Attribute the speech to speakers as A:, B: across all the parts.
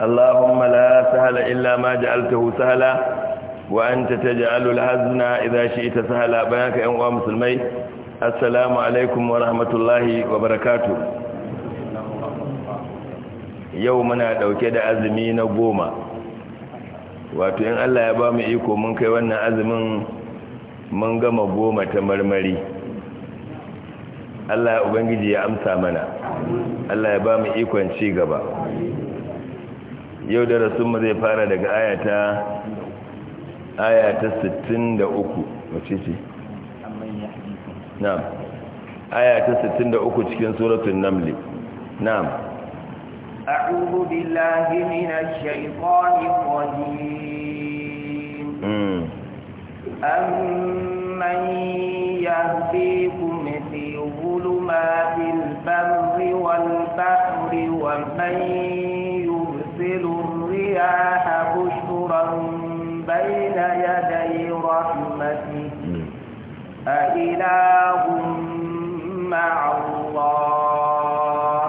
A: اللهم لا سهل إلا ما جعلته سهلا وأنت تجعل الحزن إذا شئت سهلا بياك أنواع مسلمي السلام عليكم ورحمة الله وبركاته يومنا لو كده أزمين بوما wato in Allah ya ba mu iko mun kai wannan azumin mun gama goma ta marmari Allah ya ubangiji ya amsa mana Allah ya ba mu ikon ci gaba yau da rasunmu zai fara daga ayata ayata 63 wace ce na'am ayata 63 cikin suratul naml na'am
B: a'udhu billahi minash shaitanir rajim hmm. amman yahdikum fi dhulumatil barri wal bahri wa man الرياح بشرا بين يدي رحمته أإله مع الله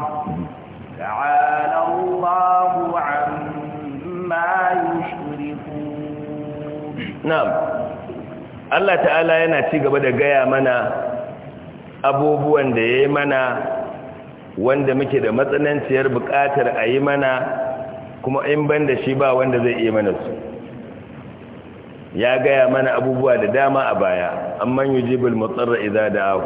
B: تعالى الله عما يشركون
A: نعم Allah ta'ala yana ci gaba da gaya mana abubuwan da ya yi mana wanda muke da matsananciyar buƙatar a yi mana kuma in ban da shi ba wanda zai iya mana su ya gaya mana abubuwa da dama a baya amman yujibul mutsarra idza da'ahu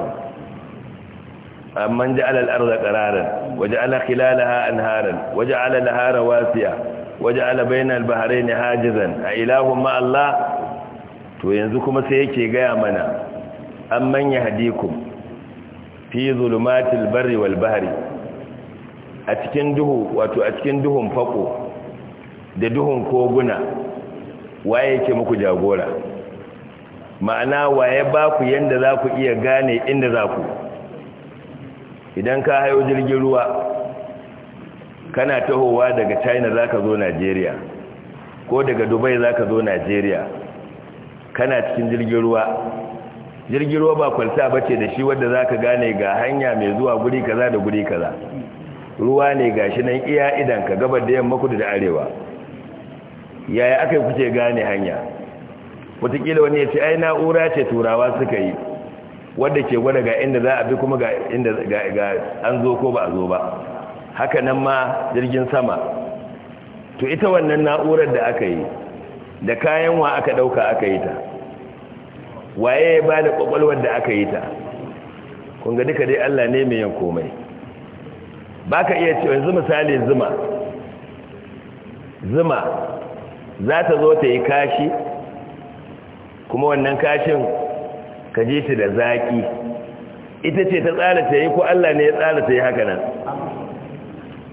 A: amman ja'ala al-ardha qararan waja'ala khilalaha anharan waja'ala laha rawasiya waja'ala bainal bahrayni hajizan a ilahum ma Allah to yanzu kuma sai yake gaya mana amman yahdikum fi zulumatil barri wal bahri a cikin duhu wato a cikin duhun fako da duhun koguna waye yake muku jagora ma'ana waye ba ku yanda za ku iya gane inda za ku idan ka hayo jirgin ruwa kana tahowa daga china za ka zo nigeria ko daga dubai za ka zo nigeria kana cikin jirgin ruwa jirgin ruwa ba kwalta ba ce da shi wadda za ka gane ga hanya mai zuwa guri kaza da guri kaza ruwa ne gashi shi nan iya idan ka gaba da yamma kudu da arewa yaya aka kuke gane hanya wataƙila wani ya ce ai na'ura ce turawa suka yi wadda ke gwada ga inda za a bi kuma ga inda ga an zo ko ba a zo ba haka nan ma jirgin sama to ita wannan na'urar da aka yi da kayan wa aka ɗauka aka yi ta waye ya ba da ƙwaƙwalwar da aka yi ta kunga duka dai allah ne mai yin komai ba ka iya cewa yanzu misali zuma zuma za ta zo ta yi kashi kuma wannan kashin ka ji shi da zaƙi ita ce ta tsara ta yi ko Allah ne ya tsara ta yi haka nan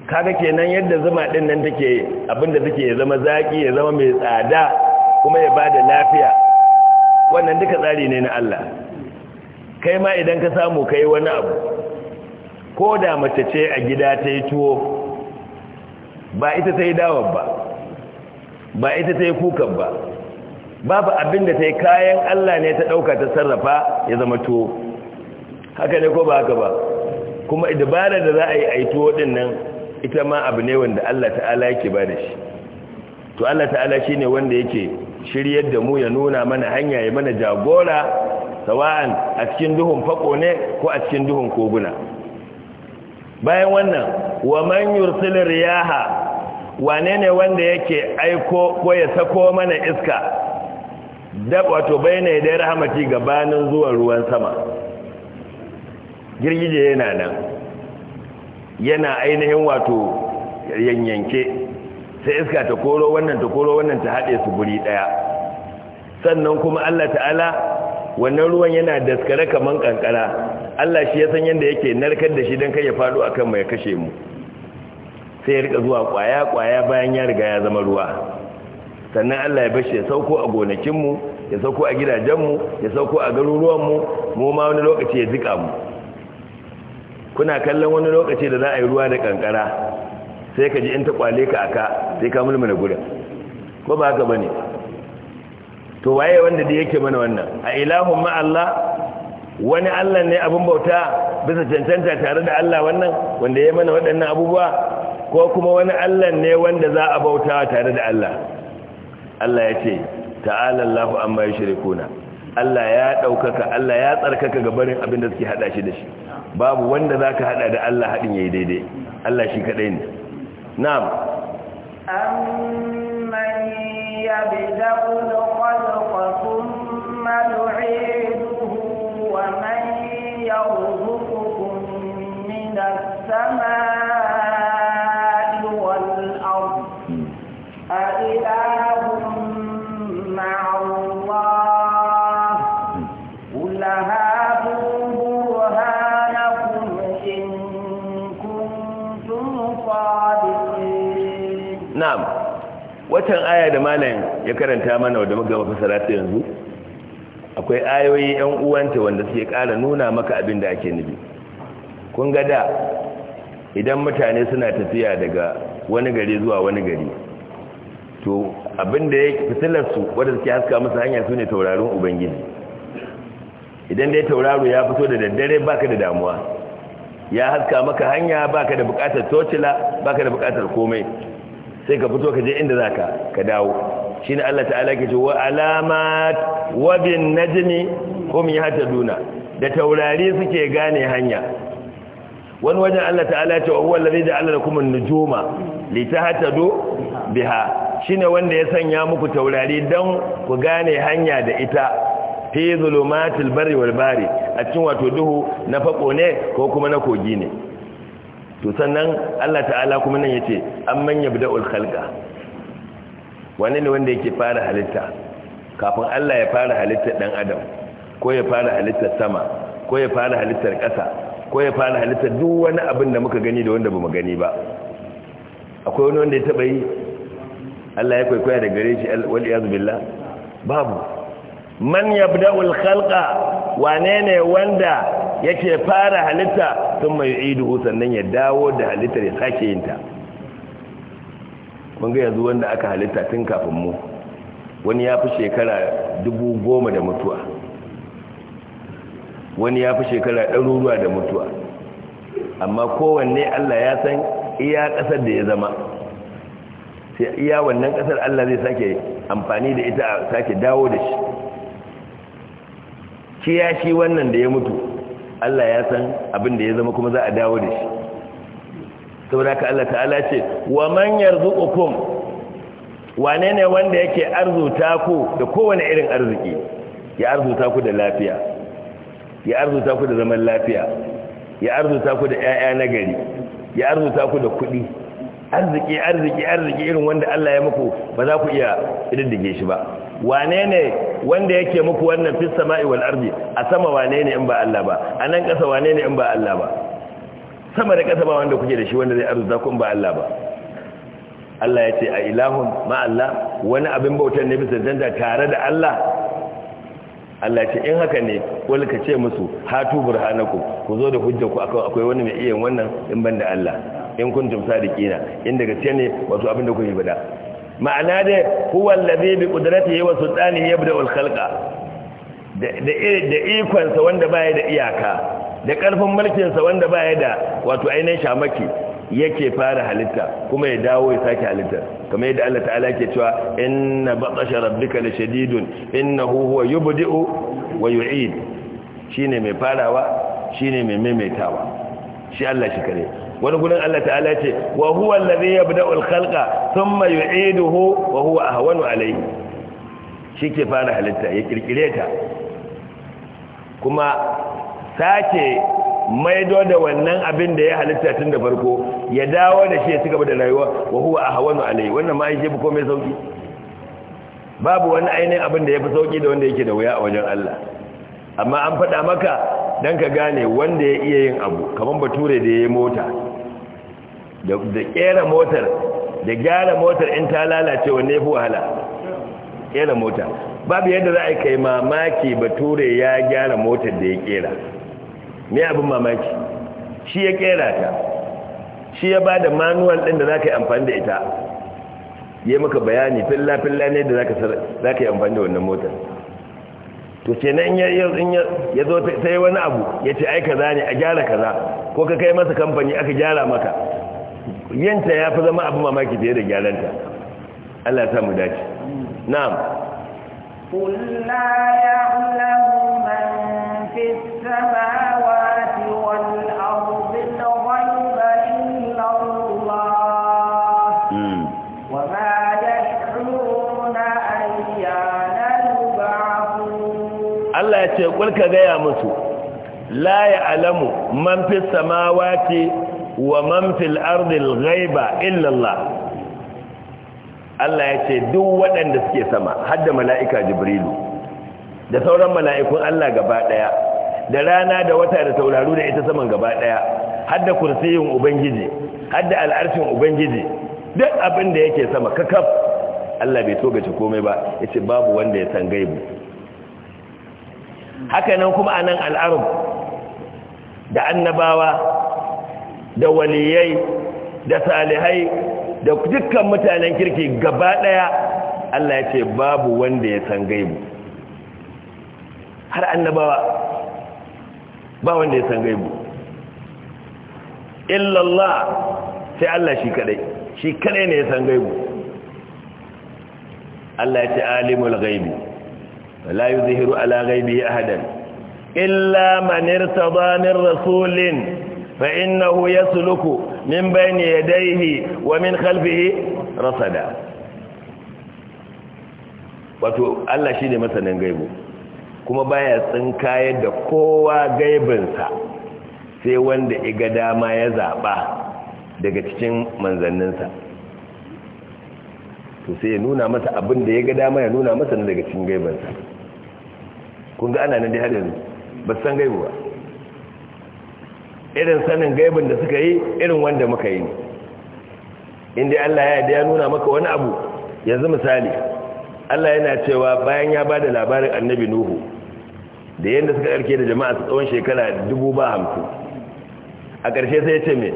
A: kaga kenan yadda zuma din nan take abinda take ya zama zaƙi ya zama mai tsada kuma ya bada lafiya wannan duka tsari ne na Allah kai ma idan ka samu kai wani abu ko da mace ce a gida ta yi tuwo ba ita ta yi dawon ba ba ita ta yi kukan ba babu abin da ta yi kayan Allah ne ta ɗauka ta sarrafa ya zama tuwo haka ne ko ba haka ba kuma dabarar da za a yi a yi tuwo nan ita ma abu ne wanda Allah ta'ala yake ba da shi to Allah ta'ala shi ne wanda yake shiryar da mu ya nuna mana hanya ya mana jagora sawa'an a cikin duhun fako ne ko a cikin duhun koguna bayan wannan wa man yursil riyaha wane ne wanda yake aiko ko ya sako mana iska dab wato bayyana da rahmati gabanin zuwan ruwan sama girgije yana nan yana ainihin wato yanyanke sai iska ta koro wannan ta koro wannan ta haɗe su guri ɗaya sannan kuma Allah ta'ala wannan ruwan yana daskare kaman kankara Allah shi ya san yadda yake narkar da shi don kai ya faɗo akan mai kashe mu sai ya rika zuwa kwaya kwaya bayan ya riga ya zama ruwa sannan Allah ya bashi ya sauko a gonakinmu ya sauko a gidajen mu ya sauko a garuruwan mu ma wani lokaci ya zika mu kuna kallon wani lokaci da za a yi ruwa da kankara sai ka ji in ta kwale ka aka sai ka mulmula gudan ko ba haka bane to waye wanda da yake mana wannan a ilahun ma Allah wani Allah ne abin bauta bisa cancanta tare da Allah wannan wanda ya mana waɗannan abubuwa ko kuma wani Allah ne wanda za a bauta tare da Allah Allah ya ce ta'ala Allahu amma yushrikuna Allah ya daukaka Allah ya tsarkaka ga barin abin da suke hada shi da shi babu wanda zaka hada da Allah hadin yayi daidai Allah shi kadai ne na'am
B: amman yabda'u
A: watan aya da malam ya karanta mana wadda muka mafasara ta yanzu akwai ayoyi yan uwanta wanda suke kara nuna maka abin da ake nufi kun ga da idan mutane suna tafiya daga wani gari zuwa wani gari to abin da ya fitilarsu su suke haska musu hanya su ne tauraron ubangiji idan dai tauraro ya fito da daddare baka da damuwa ya haska maka hanya baka da bukatar tocila baka da bukatar komai sai ka fito ka je inda za ka ka dawo shi ne Allah ta'ala ke ce wa alamat wa bin najmi hum yahtaduna da taurari suke gane hanya wani wajen Allah ta'ala ce wa allazi ja'ala lakum an-nujuma litahtadu biha shine wanda ya sanya muku taurari dan ku gane hanya da ita fi zulumatil barri wal bari a cikin wato duhu na fako ne ko kuma na kogi ne to sannan Allah ta'ala kuma nan yace amman yabda'ul khalqa wane ne wanda yake fara halitta kafin Allah ya fara halittar dan adam ko ya fara halittar sama ko ya fara halittar ƙasa ko ya fara halittar duk wani abin da muka gani da wanda bamu gani ba akwai wani wanda ya taba yi Allah ya kwaikwaya da gare shi wal iyaz billah babu man yabda'ul khalqa wane ne wanda yake fara halitta sun mai iduhu sannan ya dawo da halittar ya sake yin ta ga yanzu wanda aka halitta tun kafin mu wani ya fi shekara dubu goma da mutuwa wani ya fi shekara ɗaruruwa da mutuwa amma kowanne allah ya san iya ƙasar da ya zama sai iya wannan ƙasar allah zai sake amfani da ita a sake dawo da shi kiyashi wannan da ya mutu Allah ya san abin da ya zama kuma za a dawo da shi saboda ka Allah ta'ala ce wa man yarzuqukum wane ne wanda yake arzuta ku da kowane irin arziki ya arzuta ku da lafiya ya arzuta ku da zaman lafiya ya arzuta ku da ƴaƴa na gari ya arzuta ku da kuɗi arziki arziki arziki irin wanda Allah ya muku ba za ku iya ididdige shi ba wane ne wanda yake muku wannan fis sama'i wal ardi a sama wane ne in ba Allah ba a nan ƙasa wane ne in ba Allah ba sama da ƙasa ba wanda kuke da shi wanda zai arzuta ku in ba Allah ba Allah ya ce a ilahun ma Allah wani abin bautar ne bisa danda tare da Allah Allah ce in haka ne wani ka ce musu hatu burhanaku ku zo da ku akwai wani mai iya wannan in ban da Allah in kuntum sadiqina in daga ce ne wato abin da kuke bada ma'ana da huwa allazi bi qudratihi wa sultanihi yabda al khalqa da da ikon sa wanda baya da iyaka da karfin mulkin sa wanda baya da wato ainihin shamaki yake fara halitta kuma ya dawo ya sake halitta kamar yadda Allah ta'ala ke cewa inna batasha rabbika lashadidun innahu huwa yubdi'u wa yu'id shine mai farawa shine mai maimaitawa shi Allah shi kare wani gurin Allah ta'ala ce wa huwa allazi yabda'ul khalqa thumma yu'iduhu wa huwa ahwanu alayhi shike fara halitta ya kirkire ta kuma sake maido da wannan abin da ya halitta tun da farko ya dawo da shi ya cigaba da rayuwa wa huwa ahwanu alayhi wannan ma yake ko mai sauki babu wani ainihin abin da yafi sauki da wanda yake da wuya a wajen Allah amma an faɗa maka dan ka gane wanda ya iya yin abu kamar bature da ya yi mota da kera motar da gyara motar in ta lalace wanne fi wahala kera mota babu yadda za a kai mamaki bature ya gyara motar da ya kera me abin mamaki shi ya kera ta shi ya ba da manuwal ɗin da za ka yi amfani da ita ya maka bayani filla-filla ne da za ka yi amfani da wannan motar to ce nan ya zo ta yi wani abu ya ce ai kaza ne a gyara kaza ko ka kai masa kamfani aka gyara maka yanta ya fi zama abin mamaki fiye da gyalanta Allah ta mu dace na'am
B: kula
A: Allah ya ce, "Kulka gaya musu, la ya alamu, man fi samawa wa man fil ardil ghaiba illa Allah Allah ya duk waɗanda suke sama har da mala'ika jibrilu da sauran mala'ikun Allah gaba ɗaya da rana da wata da tauraru da ita saman gaba ɗaya har da kursiyin ubangiji har da al'arshin ubangiji duk abin da yake sama kakaf Allah bai togace komai ba yace babu wanda ya san gaibu haka nan kuma anan al'arab da annabawa da waliyai da salihai da dukkan mutanen kirki gaba daya Allah ya ce babu wanda ya san gaibu har annabawa ba wanda ya san gaibu illallah sai Allah shi kadai shi kadai ne ya san gaibu Allah ya ce alimul gaibi la yuzhiru ala ghaibihi ahadan illa man irtada min rasulin فإنه يسلك من بين يديه ومن خلفه رصدا wato Allah shi ne masanin gaibu kuma baya tsinkayar da kowa gaibinsa sai wanda iga dama ya zaba daga cikin manzanninsa to sai ya nuna masa abin da ya ga dama ya nuna masa daga cikin gaibinsa kun ga ana nan dai hadin ba san gaibu ba irin sanin gaibin da suka yi irin wanda muka yi ne. inda Allah ya da ya nuna maka wani abu yanzu misali Allah yana cewa bayan ya ba da labarin annabi Nuhu da yadda suka karke da jama'a su tsawon shekara 250 a ƙarshe sai ce me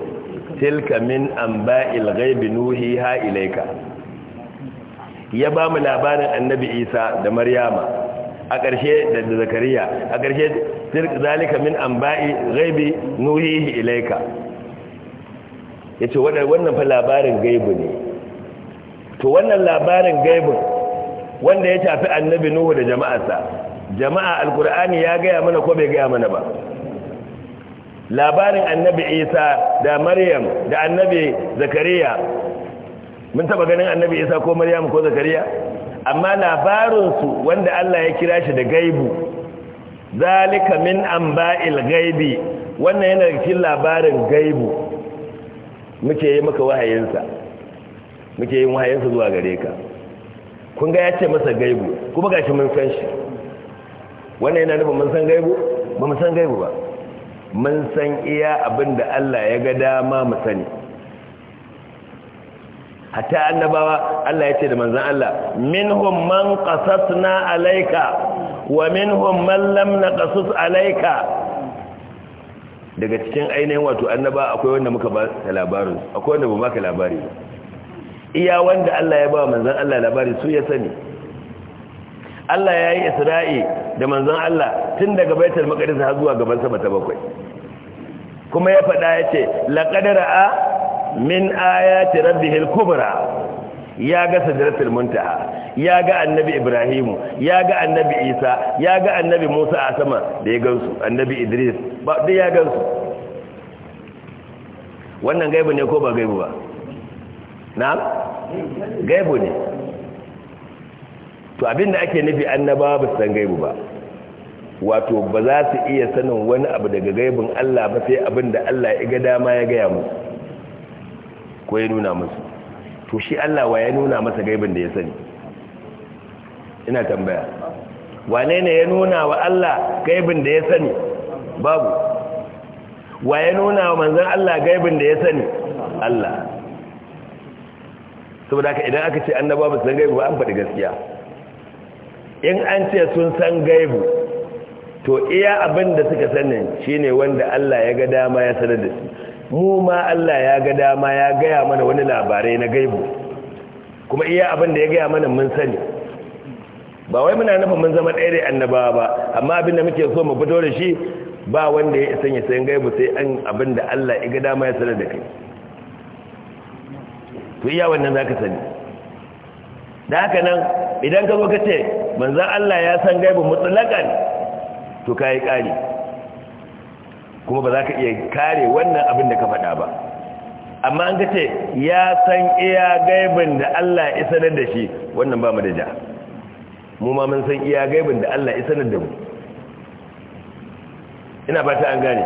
A: tilka min amba'il ghaibi nuhi ha ilaika ya ba mu labarin annabi Isa da Maryama a ƙarshe da zakariya a ƙarshe zalika min an ba'i gaibi nuhihi ilaika ya ce wannan fa labarin gaibu ne to wannan labarin gaibun wanda ya tafi annabi nuhu da jama'arsa jama'a alkur'ani ya gaya mana ko bai gaya mana ba labarin annabi isa da maryam da annabi zakariya mun taba ganin annabi isa ko maryam ko zakariya amma labarinsu wanda Allah ya kira shi da gaibu zalika min amba'il gaibi wannan yana da cikin labarin gaibu muke yi maka wahayinsa muke yin wahayinsa zuwa gare ka kun ga ya ce masa gaibu kuma gashi mun san shi wannan yana nufin mun san gaibu ba mun san gaibu ba mun san iya abin da Allah ya ga dama mu sani hatta annabawa Allah ya ce da manzan Allah minhum man qasasna alayka wa minhum man lam naqasus alayka daga cikin ainihin wato annaba akwai wanda muka ba labari akwai wanda ba maka labari iya wanda Allah ya ba manzan Allah labari su ya sani Allah ya yi Isra'i da manzan Allah tun daga baitul maqdis har zuwa gaban sama ta bakwai kuma ya faɗa yace ce laqad ra'a min ayati rabbihil kubra ya ga sadratul muntaha ya ga annabi ibrahimu ya ga annabi isa ya ga annabi musa a sama da ya gansu annabi idris ba duk ya gansu wannan gaibu ne ko ba gaibu ba na gaibu ne to abinda ake nufi annaba ba su san gaibu ba wato ba za su iya sanin wani abu daga gaibun Allah ba sai abin da Allah ya ga dama ya gaya musu ko ya nuna musu to shi Allah wa ya nuna masa gaibin da ya sani ina tambaya wane ne ya nuna wa Allah gaibin da ya sani babu wa ya nuna wa manzan Allah gaibin da ya sani Allah saboda haka idan aka ce annaba ba su san gaibu ba an faɗi gaskiya in an ce sun san gaibu to iya abin da suka sanin ne wanda Allah ya ga dama ya sanar da su mu ma Allah ya ga dama ya gaya mana wani labarai na gaibu kuma iya abin da ya gaya mana mun sani ba wai muna nufin mun zama ɗaya da annabawa ba amma abin da muke so mu fito da shi ba wanda ya sanya sayan gaibu sai an abin da Allah ya ga dama ya sanar da kai to iya wannan zaka sani da haka nan idan ka zo ka ce manzon Allah ya san gaibu mutlaqan to kai ƙari. kuma ba za ka iya kare wannan abin da ka faɗa ba amma an ka ce ya san iya gaibin da Allah isa sanar da shi wannan ba mu da ja mu ma mun san iya gaibin da Allah isa sanar da mu ina ta an gane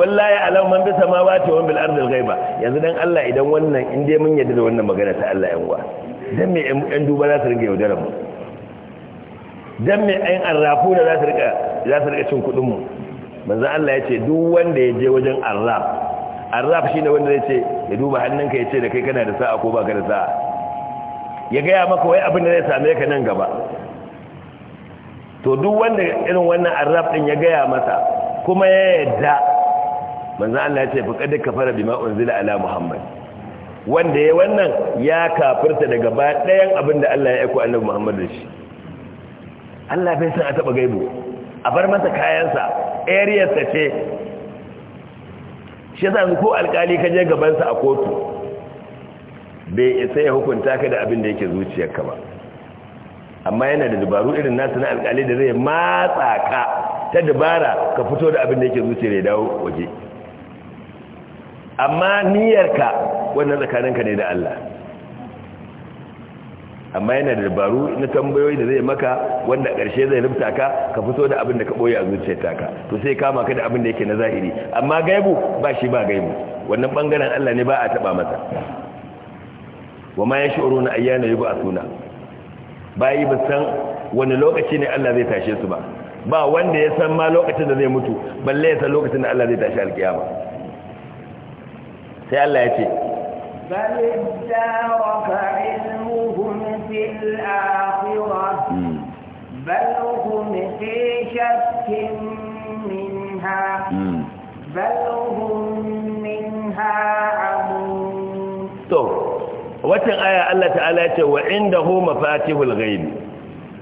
A: wallahi alam man bi samawati wa bil ardi al ghaiba yanzu dan Allah idan wannan in dai mun yadda da wannan magana ta Allah yan uwa dan me yan duba za su ringa yaudaran mu dan me ayin arrafu da za su rika za su rika cin kudin mu manzo Allah ya ce duk wanda ya je wajen arraf arraf ne wanda ya ce ya duba hannunka ya ce da kai kana da sa'a ko baka da sa'a ya gaya maka wai abin da zai same ka nan gaba to duk wanda irin wannan arraf din ya gaya masa kuma ya yadda manzo Allah ya ce fa kad kafara bima unzila ala muhammad wanda ya wannan ya kafirta da ba ɗayan abin da Allah ya aiko annabi muhammad da shi Allah bai san a taba gaibo a bar masa kayansa ariyarsa ce shi zan ko alkali ka je gabansa a kotu bai isa ya hukunta ka da abin da yake zuciyarka ba amma yana da dubaru irin nasu na alkali da zai matsa ka ta dabara ka fito da abin da yake zuciyar ya dawo waje amma niyyarka wannan tsakaninka ne da Allah amma yana da dabaru na tambayoyi da zai maka wanda ƙarshe zai rubuta ka ka fito da abin da ka boye a zuciyar taka to sai kama ka da abin da yake na zahiri amma gaibu ba shi ba gaibu wannan bangaren Allah ne ba a taba masa wa ma yashuruna ayyana asuna bayi ba san wani lokaci ne Allah zai tashe su ba ba wanda ya san ma lokacin da zai mutu balle ya san lokacin da Allah zai tashi alkiyama sai Allah ya ce
B: bal بالآخرة بل هم في شك منها بل هم منها عمون
A: aya Allah ta'ala ya ce wa inda hu mafatihul ghaib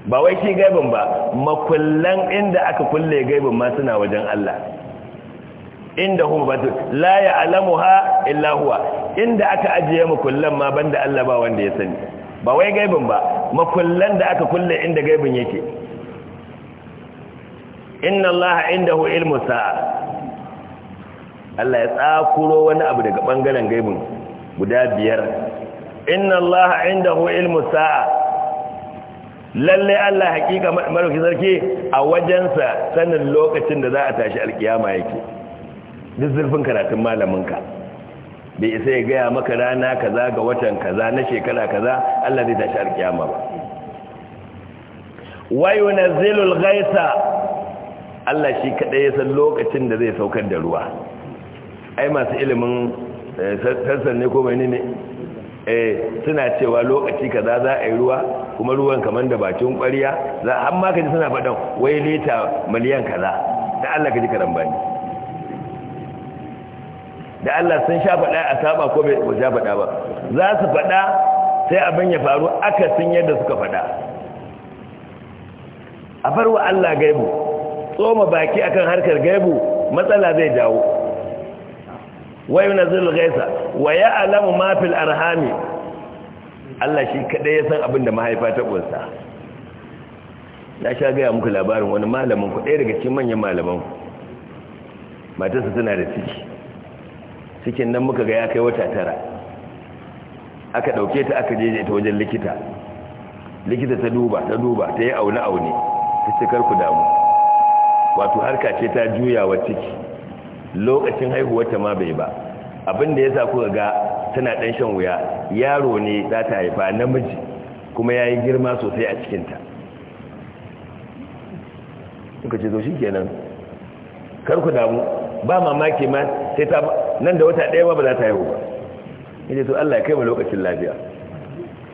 A: ba wai shi gaibin ba makullan inda aka kulle gaibin ma suna wajen Allah inda hu batu la ya'lamuha illa huwa inda aka ajiye mu ma banda Allah ba wanda ya sani ba wai gaibin ba makullan da aka kulle inda gaibin yake inna allaha indahu ilmu sa'a Allah ya tsakuro wani abu daga bangaren gaibin guda biyar inna allaha indahu ilmu sa'a lalle Allah hakika marauki sarki a wajensa sanin lokacin da za a tashi alkiyama yake duk zurfin karatun malaminka bai isa ya gaya maka rana kaza ga watan kaza na shekara kaza Allah zai tashi alkiyama ba wayo na zilul gaisa Allah shi kaɗai ya san lokacin da zai saukar da ruwa ai masu ilimin sassan eh, ne ko mai ne eh suna cewa lokaci kaza za a yi ruwa kuma ruwan kamar da bakin kwariya za har kaji suna faɗan wai lita miliyan kaza da Allah kaji karambani. da Allah sun sha faɗa a saba ko bai sha faɗa ba za su faɗa sai abin ya faru aka sun yadda suka faɗa a farwa Allah gaibu tsoma baki akan harkar gaibu matsala zai jawo Wai na zirul gaisa wa ya alamu mafil arhami Allah shi kaɗai ya san abin da mahaifa ta ƙunsa na sha gaya muku labarin wani malamin ku ɗaya daga cikin manyan malaman matarsa tana da ciki cikin nan muka ga ya kai wata tara aka dauke ta aka je ta wajen likita likita ta duba ta duba ta yi aune aune ta ce ku damu wato harka ce ta juyawa ciki lokacin haihuwar ta ma bai ba abin da yasa kuka ga tana dan shan wuya yaro ne za ta haifa namiji kuma yayi girma sosai a cikin ta kuka ce to shikenan karku damu ba mamaki ma sai ta nan da wata ɗaya ba za ta haihu ba ita to Allah ya kai mu lokacin lafiya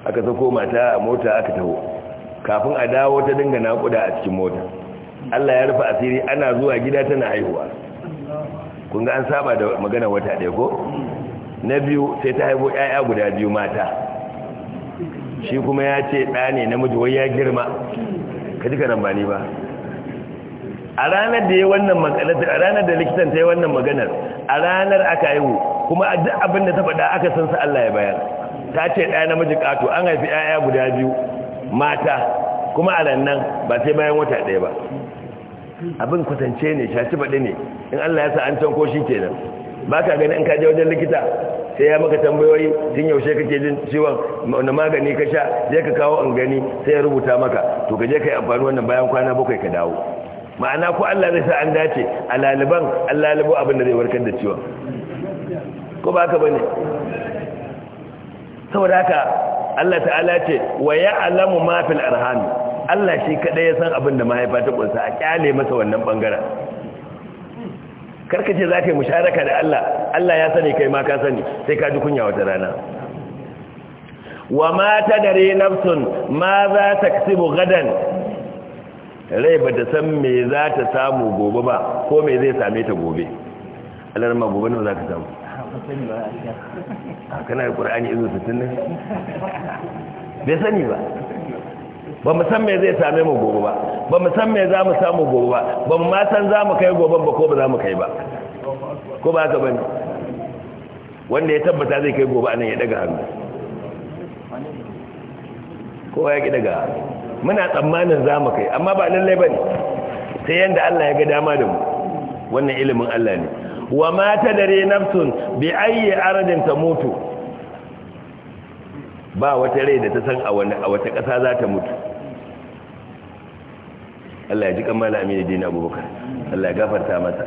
A: aka sako mata a mota aka taho kafin a dawo ta dinga naƙuda a cikin mota Allah ya rufe asiri ana zuwa gida tana haihuwa kun ga an saba da magana wata ɗaya ko na biyu sai ta haihu ƴaƴa guda biyu mata shi kuma ya ce ɗa ne namiji wai ya girma ka ji ba a ranar da ya wannan a ranar da likitan ta yi wannan maganar a ranar aka yi kuma duk abin da ta faɗa aka san sa Allah ya bayar ta ce ɗaya na miji ƙato an haifi ƴaƴa guda biyu mata kuma a nan ba sai bayan wata ɗaya ba abin kwatance ne shaci faɗi ne in Allah ya sa an can ko shi kenan ba ka gani in ka je wajen likita sai ya maka tambayoyi tun yaushe kake jin ciwon na magani ka sha je ka kawo in gani sai ya rubuta maka to ka je ka yi amfani wannan bayan kwana bakwai ka dawo ma'ana ko Allah zai sa an dace a laliban an lalibu abin da zai warkar da ciwon ko ba ka bane saboda haka Allah ta'ala ce wa ya'lamu ma fil arham Allah shi kadai ya san abin da mahaifa ta kunsa a kyale masa wannan bangaren karka ce ka yi musharaka da Allah Allah ya sani kai ma ka sani sai ka ji kunya wata rana wa ma da nafsun ma za gadan rai ba ta san me za ta samu gobe ba ko me zai same ta gobe alar ma gobe nawa za ka samu a kana da ƙura'ani izu su ne bai sani ba ba mu san me zai same mu gobe ba ba mu san me za mu samu gobe ba ba mu ma san za mu kai goben ba ko ba za mu kai ba ko ba ka bani? wanda ya tabbata zai kai gobe anan ya daga hannu kowa ya ki daga hannu muna tsammanin za kai amma ba lallai ba ne sai yadda Allah ya ga dama da mu wannan ilimin Allah ne wa mata dare nafsun bi ayyi ardin ta mutu ba wata rai da ta san a wani a wata ƙasa za ta mutu Allah ya ji kamala Aminu dina abubakar Allah ya gafarta masa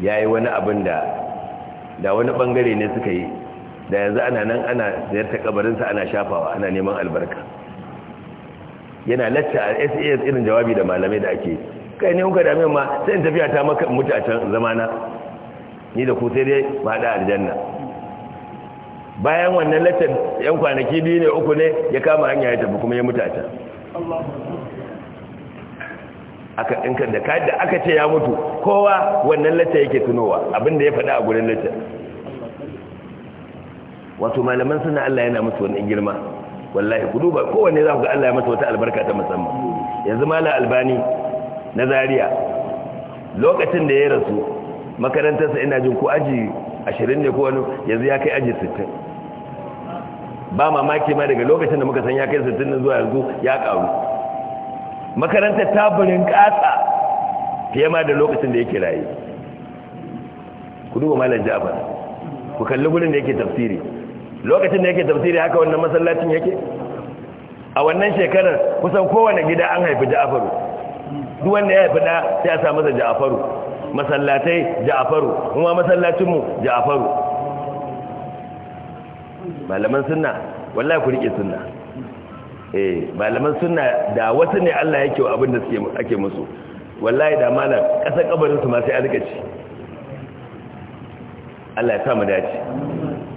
A: ya yi wani abin da wani bangare ne suka yi da yanzu ana nan ana ziyarta kabarinsa ana shafawa ana neman albarka yana lacca a sas irin jawabi da malamai da ake kai ne kuka dame ma sai in tafiya ta maka mutu a can zamana ni da ku sai dai ba haɗa aljanna bayan wannan laccar yan kwanaki biyu ne uku ne ya kama hanya ya tafi kuma ya mutu a can aka ɗinka da da aka ce ya mutu kowa wannan laccar yake tunowa abinda ya faɗa a gurin laccar wato malaman suna Allah yana musu wani girma wallahi ku duba kowanne za ku ga Allah ya masa wata albarka ta musamman yanzu malam albani na zaria lokacin da ya rasu makarantarsa ina jin ko aji 20 ne ko wani yanzu ya kai aji 60 ba mamaki ma daga lokacin da muka san ya kai 60 zuwa yanzu ya karu makarantar ta burin katsa fiye ma da lokacin da yake raye ku duba malam jafar ku kalli gurin da yake tafsiri lokacin da yake tafsiri haka wannan masallacin yake a wannan shekarar kusan kowane gida an haifi ja'afaru duk wanda ya haifi da sai a samu ja'afaru masallatai ja'afaru kuma masallacin mu ja'afaru malaman sunna wallahi ku rike sunna eh malaman sunna da wasu ne Allah yake wa abin da suke ake musu wallahi da malam kasar kabarin su ma sai a rika ci Allah ya sa mu dace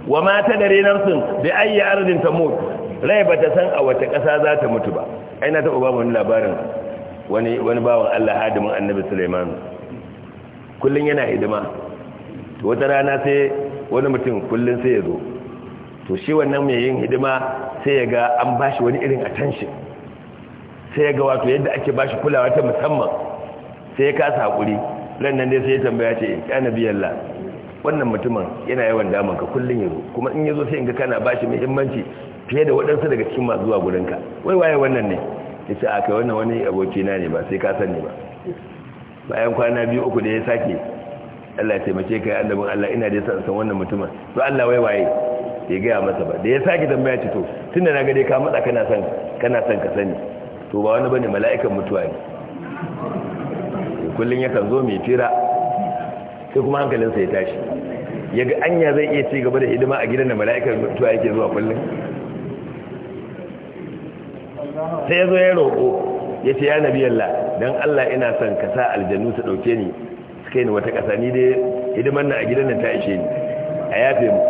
A: wa ma ta dare sun da ayi ardin mutu. rai bata san a wata ƙasa za ta mutu ba ai na taɓa ba wani labarin wani wani bawan Allah hadimin Annabi Sulaiman kullun yana hidima to wata rana sai wani mutum kullun sai ya zo to shi wannan mai yin hidima sai ya ga an bashi wani irin attention sai ya ga wato yadda ake bashi kulawa ta musamman sai ya kasa hakuri nan dai sai ya tambaya ce ya nabi Allah wannan mutumin yana yawan daman ka kullun yanzu kuma in yazo sai in kana bashi muhimmanci fiye da waɗansu daga cikin masu zuwa ka wai waye wannan ne ya a kai wannan wani aboki na ne ba sai ka sani ba bayan kwana biyu uku da ya sake Allah ya taimake ka annabin Allah ina da san san wannan mutumin to Allah wai waye ya gaya masa ba da ya sake tambaya ci to tunda na ga dai ka matsa kana san kana san ka sani to ba wani bane mala'ikan mutuwa ne kullun yakan zo mai fira sai kuma hankalinsa ya tashi ya ga anya zai iya ci gaba da hidima a gidan da mala'ikar mutuwa yake zuwa kullum sai ya zo ya roƙo ya ce ya nabi Allah don Allah ina son ka sa aljannu su ɗauke ni su kai ni wata ƙasa ni dai hidiman na a gidan nan ta ishe ni a yafe mu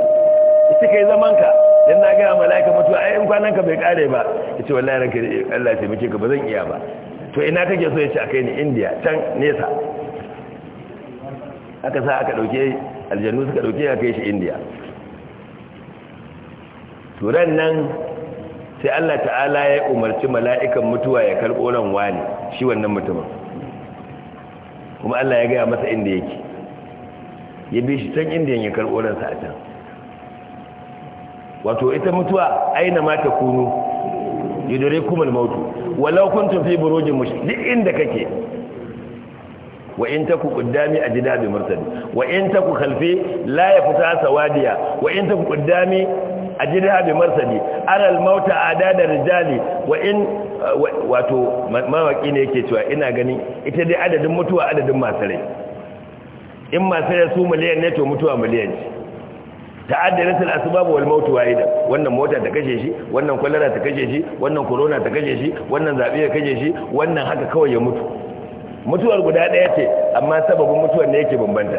A: ita kai zaman ka don na gaya mala'ikar mutuwa ai in kwanan ka bai kare ba ya ce wallahi ranka Allah ya muke ka ba zan iya ba to ina kake so ya ce a kai ni indiya can nesa aka sa aka dauke aljannu suka dauke ya kai shi indiya turan nan sai allah ta'ala ya umarci mala'ikan mutuwa ya karɓo ran wani shi wannan mutumin kuma allah ya gaya masa inda yake ya bi shi can indiyan ya karɓo nan a can wato ita mutuwa aina ma ta kunu yudure kuma mautu walau kuntum fi burujin mushrik duk inda kake wa in taku quddami ajdabi murtadi wa in taku khalfi la yafuta sawadiya wa in taku quddami ajdabi murtadi ara al mauta adada rijali wa in wato mawaki ne yake cewa ina gani ita dai adadin mutuwa adadin masare in masare su miliyan ne to mutuwa miliyan ce ta'addadat al-asbab wal maut wahida wannan mota ta kashe shi wannan kwalara ta kashe shi wannan ta kashe shi wannan zabe ya kashe shi wannan haka kawai ya mutu mutuwar guda ɗaya ce amma sababin mutuwar ne yake bambanta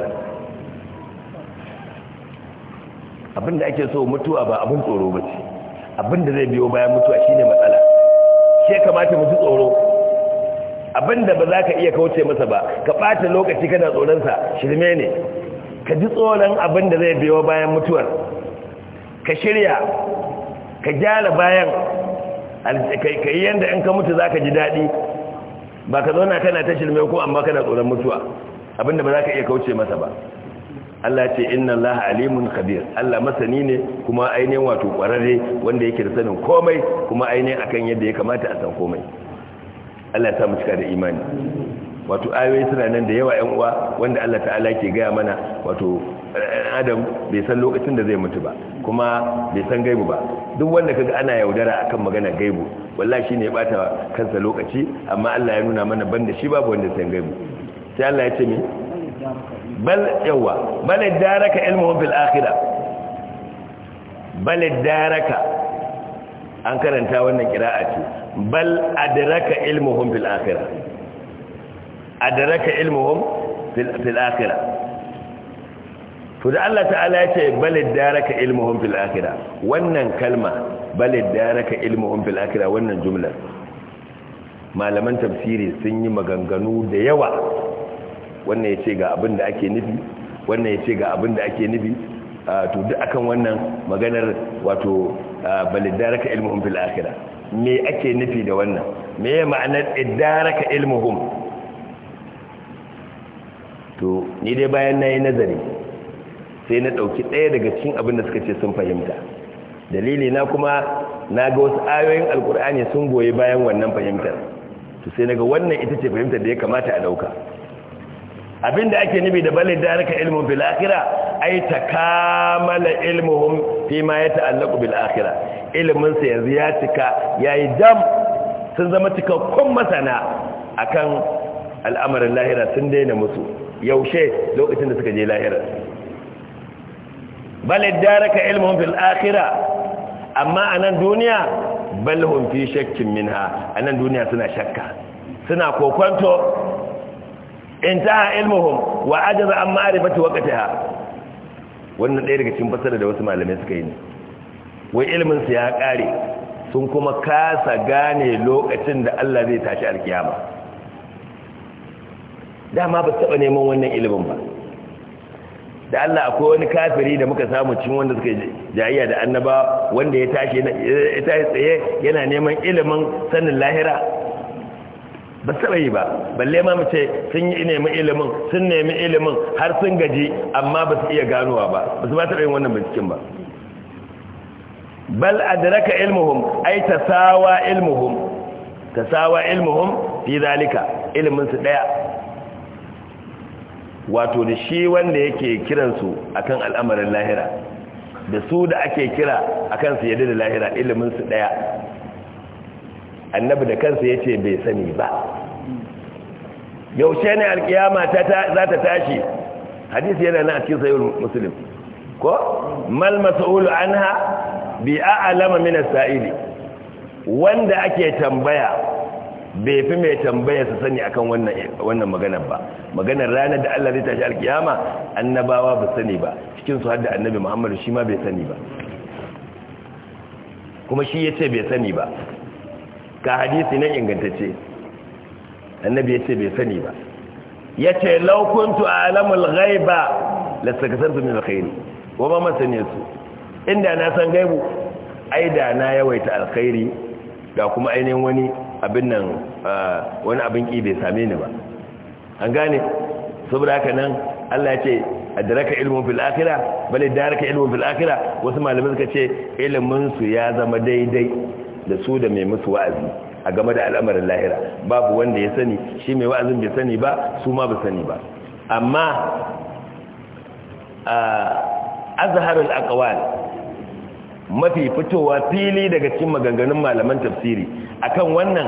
A: abin da ake so mutuwa ba abin tsoro ba ce abin da zai biyo bayan mutuwa shine matsala ke kamata mutu tsoro abin da ba za ka iya kauce masa ba ka ɓata lokaci kana tsoronsa shirme ne ka ji tsoron abin da zai biyo bayan mutuwar ka shirya ka gyara bayan ka yi yadda in ka mutu za ka ji daɗi ba ka zauna kana ta shirme ko amma kana tsoron mutuwa abinda ba za ka iya kauce masa ba Allah ce inna Allah alimun khabir Allah masani ne kuma ainihin wato kwararre wanda yake da sanin komai kuma ainihin akan yadda ya kamata a san komai Allah ya sa mu cika da imani wato ayoyi suna nan da yawa 'yan uwa wanda Allah ta'ala ke gaya mana wato adam bai san lokacin da zai mutu ba kuma bai san gaibu ba duk wanda kaga ana yaudara akan magana gaibu wallahi shine ya bata kansa lokaci amma Allah ya nuna mana banda shi babu wanda san gaibu sai Allah ya ce me bal yawa bal daraka ilmuhu bil akhirah bal daraka an karanta wannan qira'a ce bal adraka ilmuhum bil akhirah A ilmuhum fil akhirah to da Allah ta'ala ya ce balid daraka ilmuhum fil wannan kalma balid daraka ilmuhum fil wannan jumlar malaman tafsiri sun yi maganganu da yawa wannan ya ce ga abin da ake nufi wannan ya ce ga abin da ake nufi to duk akan wannan maganar wato balidaraka ilmuhum fil akhirah me ake nufi da wannan me ya ma'anar idaraka ilmuhum to ni dai bayan na yi nazari sai na ɗauki ɗaya daga cikin abin da suka ce sun fahimta dalili na kuma na ga wasu ayoyin alkur'ani sun goyi bayan wannan fahimtar to sai na ga wannan ita ce fahimtar da ya kamata a ɗauka abin da ake nubi da balin daraka ilmin fil akhira ai takamala ilmuhum fi ma yata'allaqu bil akhira ilmin yanzu ya cika yayi dam sun zama cikakkun masana akan al'amarin lahira sun daina musu yaushe lokacin da suka je lahira bal idaraka ilmuhum fil akhirah amma anan duniya bal hum fi shakkin minha anan duniya suna shakka suna kokonto intaha ilmuhum wa ajaba an ma'rifati waqtaha wannan dai daga cikin fasara da wasu malamai suka yi ne wai ilmin su ya kare sun kuma kasa gane lokacin da Allah zai tashi alkiyama dama ba taɓa neman wannan ilimin ba da Allah akwai wani kafiri da muka samu cin wanda suka jayayya da annaba wanda ya tashi ya tashi tsaye yana neman ilimin sanin lahira ba taɓa yi ba balle ma mu ce sun yi nemi ilimin sun nemi ilimin har sun gaji amma ba su iya ganowa ba ba su ba taɓa yin wannan binciken ba bal adraka ilmuhum ay tasawa ilmuhum tasawa ilmuhum fi zalika ilmin su daya wato da shi wanda yake kiransu akan al'amarin lahira da su da ake kira akan su yadda da lahira ilimin su daya annabi da kansa yace bai sani ba yaushe ne alkiyama ta za ta tashi hadisi yana na cikin sayyid muslim ko mal mas'ul anha bi a'lama min as-sa'ili wanda ake tambaya bai fi mai tambaya su sani akan wannan maganar ba maganar ranar da Allah zai tashi alkiyama annabawa ba sani ba cikin su hadda annabi Muhammad shi ma bai sani ba kuma shi yace bai sani ba ga hadisi na ingantacce annabi yace bai sani ba yace law kuntu alamul ghaiba sakasantu min alkhair wa ma su. inda na san gaibu ai da na yawaita alkhairi Da kuma ainihin wani abin nan wani abin ki bai same ni ba an gane saboda haka nan Allah ya ce adraka ilmun fil akhirah bal daraka ilmun fil akhirah wasu malamai suka ce ilimin su ya zama daidai da su da mai musu wa'azi a game da al'amarin lahira babu wanda ya sani shi mai wa'azin bai sani ba su ma ba sani ba amma azharul aqwal mafi fitowa fili daga cikin maganganun malaman tafsiri akan wannan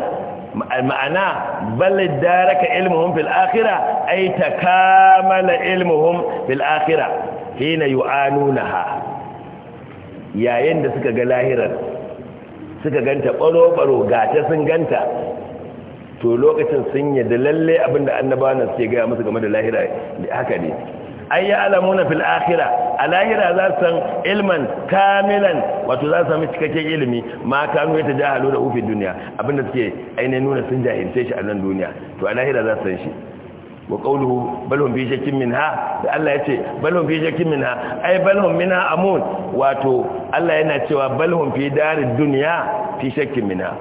A: ma'ana balid daraka ilmuhum fil akhirah ay takamala ilmuhum fil akhirah hina yu'anunaha yayin da suka ga lahirar suka ganta baro-baro gata sun ganta to lokacin sun da lalle abinda annabawa suke gaya musu game da lahira haka ne ai ya alamuna fil akhirah a lahira za su san ilman kamilan wato za su sami cikakken ilimi ma kanu ya tajahalu da ufin duniya abinda suke ainihin nuna sun jahilce shi a nan duniya to a lahira za su san shi wa qawluhu bal fi shakkin ha? da Allah yace bal hum fi shakkin ha? ai bal hum amun wato Allah yana cewa bal hum fi darid dunya fi shakkin ha?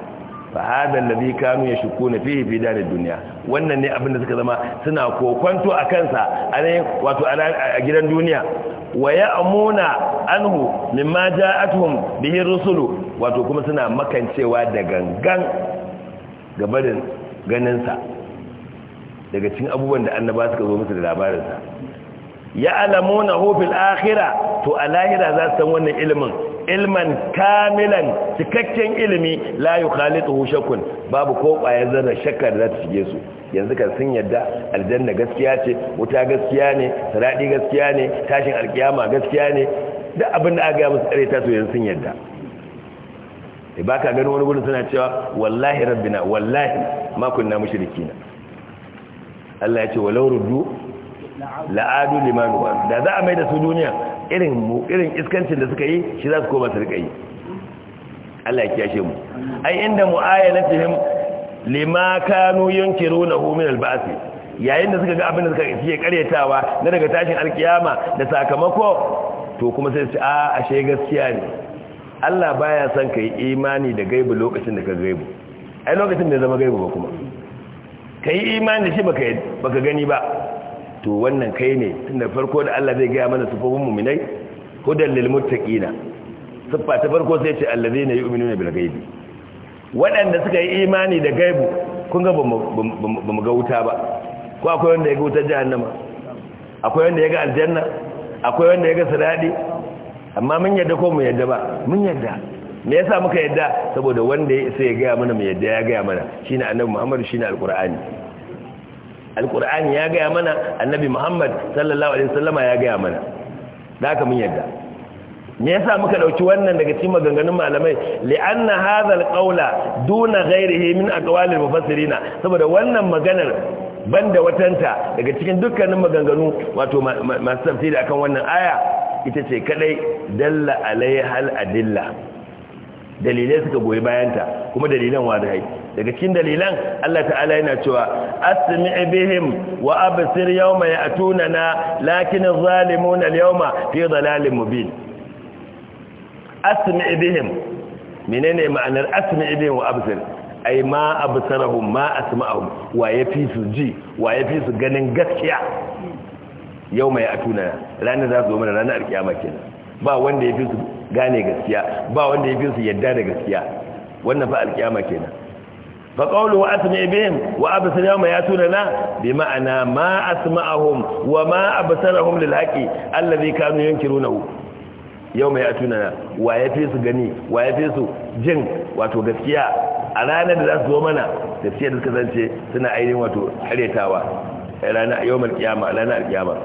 A: fahada alladhi kanu yashkuna fihi fi darid duniya wannan ne abin da suka zama suna kokwanto a kansa ne wato a gidan duniya waya amuna anhu mimma ja'atuhum bihi rusulu wato kuma suna makancewa da gangan gabarin ganin sa daga cikin abubuwan da annaba suka zo musu da labarin sa ya'lamuna na hufin akhirah to a lahira za su san wannan ilimin ilman kamilan cikakken ilimi la yukhalituhu hushakun babu ko kwayar zarar shakka da za ta shige su yanzu kan sun yadda aljanna gaskiya ce wuta gaskiya ne saradi gaskiya ne tashin alkiyama gaskiya ne duk abin da aka gaya musu tsare ta to yanzu sun yadda sai eh, baka gani wani gudun suna cewa wallahi rabbina wallahi makon na mushrikina Allah ya ce walau ruddu la'adu limanu da za a mai da su duniya irin irin iskancin da suka yi shi za su koma su Allah ya kiyashe mu ai inda mu'ayanatihim lima kanu yunkirunahu min al yayin da suka ga abin da suka yi karyatawa na daga tashin alkiyama da sakamako to kuma sai su a ashe gaskiya ne Allah baya son kai imani da gaibu lokacin da ka gaibu ai lokacin da zama gaibu ba kuma kai imani da shi baka baka gani ba to wannan kai ne tunda farko da Allah zai gaya mana sufofin mu'minai hudan lil muttaqina sifa ta farko sai ce allazina yu'minuna bil ghaibi waɗanda suka yi imani da gaibu kun ga ba mu ga wuta ba ko akwai wanda ya ga wutar jahannama akwai wanda ya ga aljanna akwai wanda ya ga siradi amma mun yadda ko mu yadda ba mun yadda me yasa muka yadda saboda wanda sai ya gaya mana mu yadda ya gaya mana shine annabi Muhammad shine alqur'ani alkur'ani ya gaya mana annabi muhammad sallallahu alaihi wasallama ya gaya mana da haka mun yadda me yasa muka dauki wannan daga cikin maganganun malamai li'anna hadha alqawla duna ghayrihi min aqwalil mufassirina saboda wannan maganar banda watanta daga cikin dukkanin maganganu wato masu tafsiri akan wannan aya ita ce kadai dalla alaiha al adilla dalilai suka goyi bayanta kuma dalilan wadai daga cikin dalilan Allah ta'ala yana cewa asmi' bihim wa absir yawma ya'tunana lakin adh-dhalimuna al-yawma fi dhalalin mubin asmi' bihim menene ma'anar asmi' bihim wa absir ai ma absarahum ma asma'ahum wa yafi su ji wa yafi su ganin gaskiya yawma ya'tunana ranar za su zo mana ranar kiyama kenan ba wanda ya fi su gane gaskiya ba wanda ya fi su yadda da gaskiya wannan fa alkiyama kenan fa wa asma bihim wa absara ma yatunana bi ma'ana ma asma'ahum wa ma absarahum lil haqi allazi kanu yunkiruna yawma yatunana wa ya fi su gani wa ya fi su jin wato gaskiya a ranar da za su zo mana gaskiya da suka zance suna ainihin wato haretawa ranar yawmal a ranar alkiyama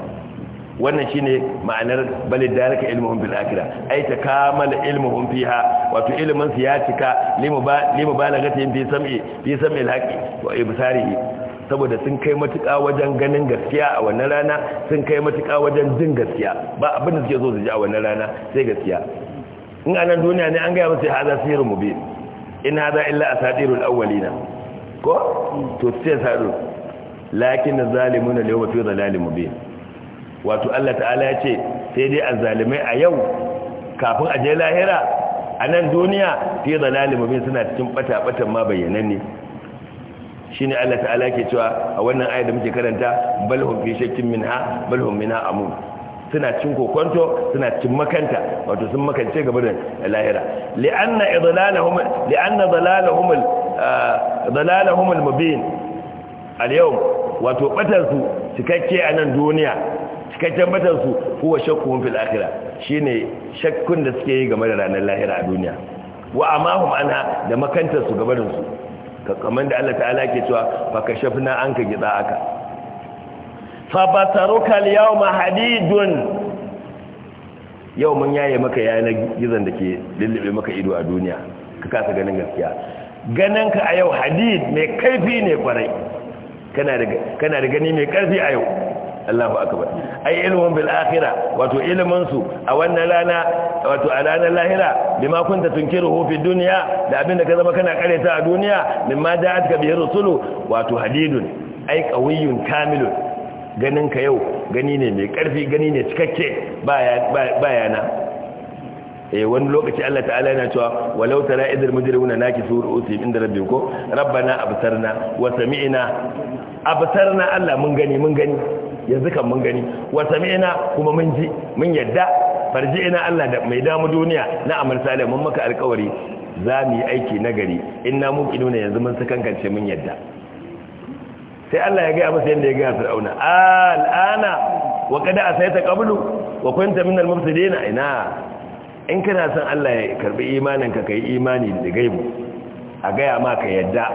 A: wannan shine ma'anar balid dalika ilmuhum bil akhirah ay takamala ilmuhum fiha wato ilmin ya cika limu balagatin fi sam'i fi sam'i al haqi wa ibsarihi saboda sun kai matuƙa wajen ganin gaskiya a wannan rana sun kai matuƙa wajen jin gaskiya ba abin da suke so su ji a wannan rana sai gaskiya in nan duniya ne an gaya musu haza sirru mubin in haza illa asatirul awwalina ko to sai sadu lakin zalimuna liyawma fi dhalalin mubin wato Allah ta'ala ya ce sai dai azzalimai a yau kafin a je lahira a nan duniya fi zalalin mubin suna cikin bata-batan ma bayyananne shine Allah ta'ala ke cewa a wannan ayar da muke karanta bal hum fi shakkin minha bal hum minha amun suna cin kokonto suna cin makanta wato sun makance gaba da lahira li'anna idlalahum li'anna dalalahum ah, dalalahum al-mubin al-yawm wato batar su cikakke a nan duniya cikakken su kowa shakkun fil akhirah shine shakkun da suke yi game da ranar lahira a duniya wa amahum ana da makantar su gaban su kamar da Allah ta'ala ke cewa fa kashafna anka gida aka fa bataruka al yawma hadidun yau mun yaye maka yanar gizon da ke lullube maka ido a duniya ka kasa ganin gaskiya ganin ka a yau hadid mai kaifi ne kwarai kana da gani mai karfi a yau Allahu akabar. ai ilmun bil akhirah wato ilmin su a wannan rana wato a ranar lahira bima kunta tunkiruhu fi dunya da abinda ka zama kana kareta a duniya mimma ja'atka bi rusulu wato hadidun ai qawiyyun kamilun ganin ka yau gani ne mai karfi gani ne cikakke baya bayana eh wani lokaci Allah ta'ala yana cewa walau tara idil mujrimuna nakisu ru'usihim inda rabbihim ko rabbana absarna wa sami'na absarna Allah mun gani mun gani yanzu kan mun gani wa ina kuma mun ji mun yadda farji ina Allah da mai damu duniya na amal salih mun maka alƙawari za mu yi aiki nagari inna ne yanzu mun kankance mun yadda sai Allah ya gaya masa yadda ya gaya fir'auna al'ana wa kada asaita qablu wa kunta min al mufsidina ina in kana son Allah ya karbi imanin ka kai imani da gaibu a gaya maka yadda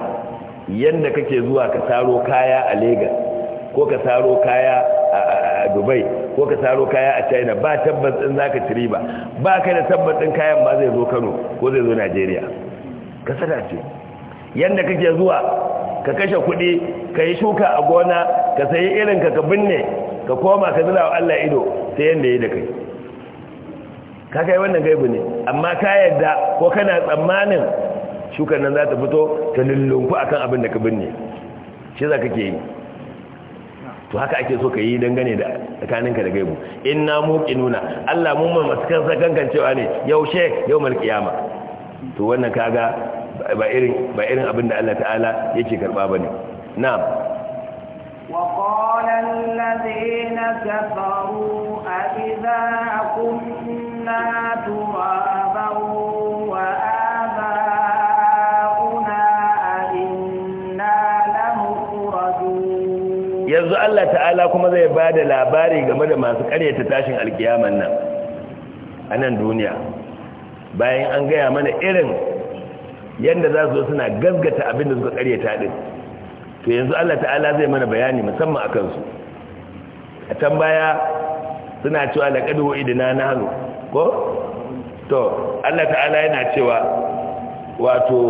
A: yanda kake zuwa ka taro kaya a Lagos ko ka saro kaya a dubai ko ka saro kaya a china ba tabbas din zaka ci riba ba ka da tabbas din kayan ma zai zo kano ko zai zo najeriya ka sada ce yanda kake zuwa ka kashe kuɗi ka yi shuka a gona ka sayi irin ka ka binne ka koma ka zira wa allah ido sai yanda ya da kai ka kai wannan gaibu ne amma ka yadda ko kana tsammanin shukar nan za ta fito ta lullunku akan abin da ka binne shi za ka ke yi to haka ake so ka yi dangane da tsakaninka da gaibu inna muqinuna Allah mun mai maskan sakankan cewa ne yaushe yawmal qiyama to wannan kaga ba irin ba irin abin da Allah ta'ala yake karba bane na'am
B: wa qala alladhina kafaru a idza kunna turaban
A: yanzu Allah ta'ala kuma zai ba da labari game da masu karyata tashin alkiyaman nan a nan duniya bayan an gaya mana irin yadda za su suna gazgata abin da suka karyata ɗin to yanzu Allah ta'ala zai mana bayani musamman a kansu a can baya suna cewa da wa idina na hannu ko? to Allah ta'ala yana cewa wato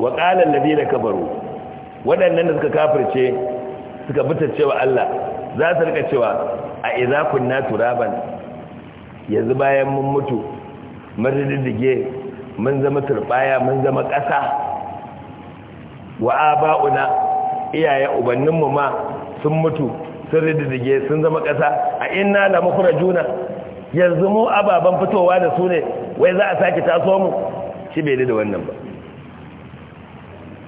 A: waƙalar labi da kabaru waɗannan da suka kafirce suka buta cewa Allah za su rika cewa a iza kunna turaban yanzu bayan mun mutu mun riddige mun zama turbaya mun zama ƙasa wa aba'una iyaye ubanninmu ma sun mutu sun riddige sun zama ƙasa a inna la mukhrajuna yanzu mu ababan fitowa da su ne wai za a sake taso mu shi bai da wannan ba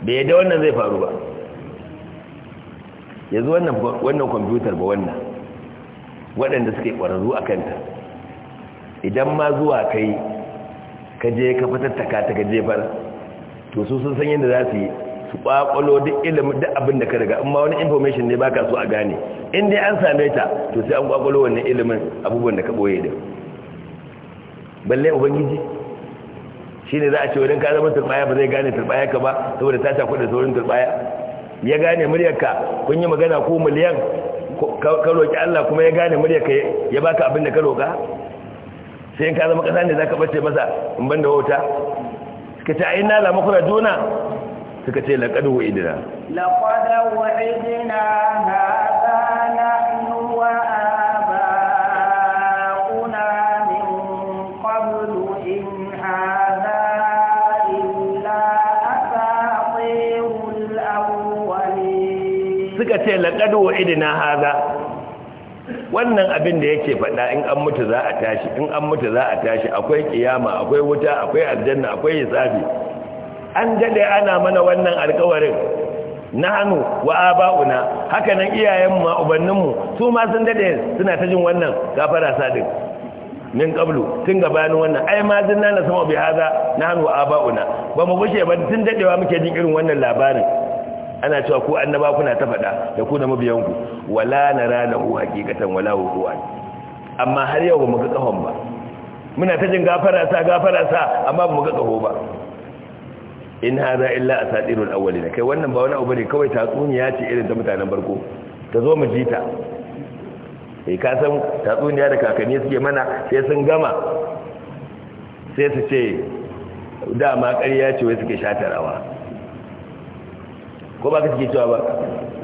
A: bai da wannan zai faru ba yanzu wannan kwamfutar ba wannan waɗanda suke ƙwararru a kanta idan ma zuwa kai ka je ka fitar ta ka jefar to su sun san yadda za su yi su ƙwaƙwalo duk ilimin duk abin da ka riga amma wani information ne baka so a gane in dai an same ta to sai an ƙwaƙwalo wannan ilimin abubuwan da ka ɓoye da balle ubangiji shi ne za a ce wani ka zama turbaya ba zai gane turɓaya ka ba saboda ta shakwada saurin turbaya ya gane muryarka kun yi magana ko miliyan ka roƙi Allah kuma ya gane muryarka ya baka abin da ka roƙa sai in ka zama ƙasa ne za ka bace masa in banda wauta suka ce ayin nala makura juna suka ce laqad wa'idna
B: laqad wa'idna suka ce laƙadu wa idina haza
A: wannan abin da yake faɗa in an mutu za a tashi in an mutu za a tashi akwai kiyama akwai wuta akwai aljanna akwai hisabi an dade ana mana wannan na nahnu wa aba'una haka nan iyayen mu ubannin mu su ma sun dade suna ta jin wannan gafara sadin min qablu tun gabanin wannan ai ma zinna na sama bi na nahnu wa aba'una ba mu bushe ba tun dadewa muke jin irin wannan labarin ana cewa ko annaba kuna ta faɗa da ku da mabiyanku wala nara lahu hakikatan wala huwa amma har yau ba mu ga kahon ba muna ta jin gafara sa gafara sa amma mu ga kaho ba in hadha illa asatirul awwalin kai wannan ba wani abu ne kawai tatsuniya ce irin ta mutanen barko ta zo mu ji ta sai eh, ka san tatsuniya da kakanni suke mana sai sun gama sai su ce dama ƙarya ce wai suke shatarawa ko ba ka suke cewa ba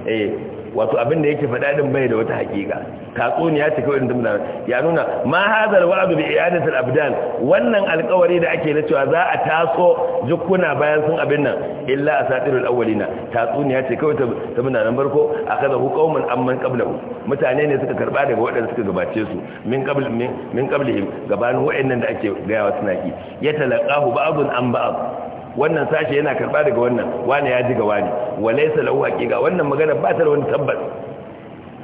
A: eh wato abin da yake fada din bai da wata hakika tatsuniya ce kawai da ya nuna ma hadal wa'du bi i'adati abdan wannan alƙawari da ake nacewa cewa za a taso jukuna bayan sun abin nan illa asatirul awwalina tatsuniya ce kawai ta muna nan barko akaza hu qauman amman qablahu mutane ne suka karba daga waɗanda suka gabace su min qabl min qablihim gabanin waɗannan da ake gayawa suna ki yatalaqahu ba'dun an ba'd wannan sashi yana karba daga wannan wani ya ji ga wani walaysa lahu haqiqa wannan magana ba ta da wani tabbas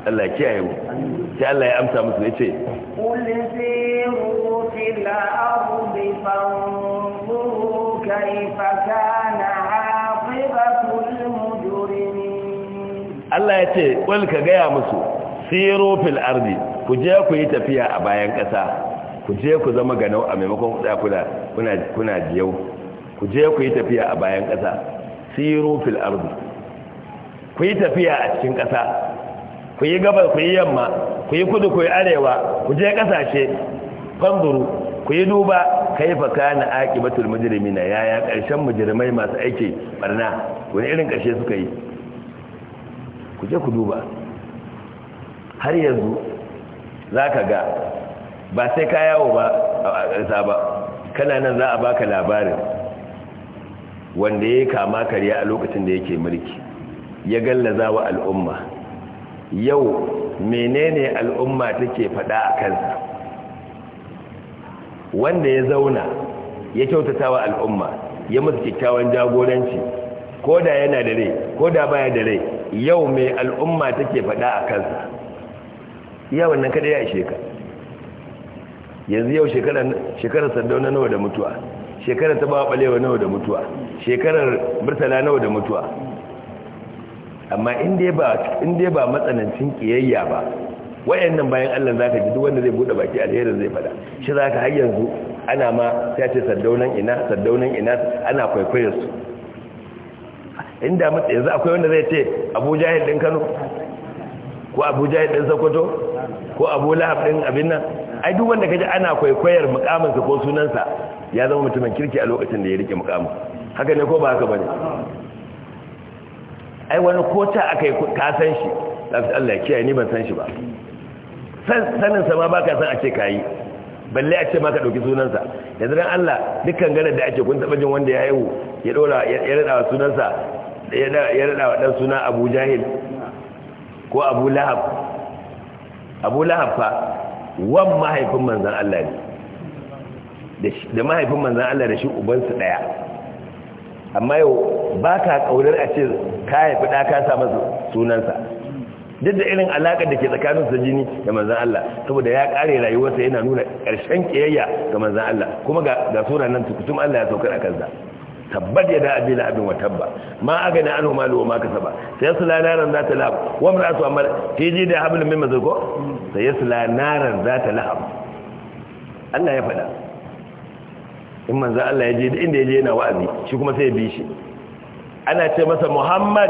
A: Allah ya kiyaye mu sai Allah ya amsa musu yace
B: qul siru fil ardi fanzuru kayfa kana aqibatul mujrimin
A: Allah ya ce qul ka gaya musu siru fil ardi ku je ku yi tafiya a bayan kasa ku je ku zama ganau a maimakon kuɗa kuna kuna jiyau ku je ku yi tafiya a bayan ƙasa siru fil ardi ku yi tafiya a cikin ƙasa ku yi gabas ku yi yamma ku yi kudu ku yi arewa ku je ƙasashe fanzuru ku yi duba kaifa kana aqibatul mujrimina yaya ƙarshen mujrimai masu aiki barna wani irin ƙarshe suka yi ku je ku duba har yanzu zaka ga ba sai ka yawo ba a ƙarsa ba kana nan za a baka labarin wanda ya yi kama karya a lokacin da yake mulki ya gallaza wa al'umma yau menene al'umma take fada a kansa wanda ya zauna ya kyautata wa al'umma ya musu kyakkyawan jagoranci ko da yana da rai ko da baya da rai yau mai al'umma take fada a kansa iya wannan kada ya ishe ka yanzu yau shekarar sardauna nawa da mutuwa shekarar ta ba balewa nawa da mutuwa shekarar murtala nawa da mutuwa amma inda ya ba matsanancin kiyayya ba nan bayan Allah zaka ji duk wanda zai bude baki alherin zai fada shi zaka har yanzu ana ma ta ce saddaunan ina saddaunan ina ana kwaikwayar su inda mutsa yanzu akwai wanda zai ce Abu Jahil din Kano ko Abu Jahil din Sokoto ko Abu Lahab din abin nan ai duk wanda kaji ana kwaikwayar mukamansa ko sunansa. ya zama mutumin kirki a lokacin da ya rike mukamu haka ne ko ba haka bane ai wani kota aka yi ka san shi lafi Allah ya kiyaye ni ban san shi ba sanin sa ma baka san a ce kayi balle a ce ma ka dauki sunansa yanzu dan Allah dukkan ganar da ake kun taba jin wanda ya yiwu ya dora ya rada wa sa ya rada wa dan suna Abu Jahil ko Abu Lahab Abu Lahab fa wan mahaifin manzon Allah ne da mahaifin manzan Allah da shi ubansu daya amma yau ba ka kaunar a ce ka haifi ɗa ka sa masa sunansa duk da irin alaƙar da ke tsakanin sa jini da manzan Allah saboda ya ƙare rayuwarsa yana nuna ƙarshen ƙiyayya ga manzan Allah kuma ga sunan nan tukutum Allah ya saukar a kansa tabbat ya da abi abin wa tabba ma aga na anhu malu wa ma yasu la naran ta lahab wa amma ta yi da hablum sai yasu la naran ta lahab Allah ya faɗa in manzan Allah ya je inda ya je yana wa'azi shi kuma sai ya bi shi ana ce masa muhammad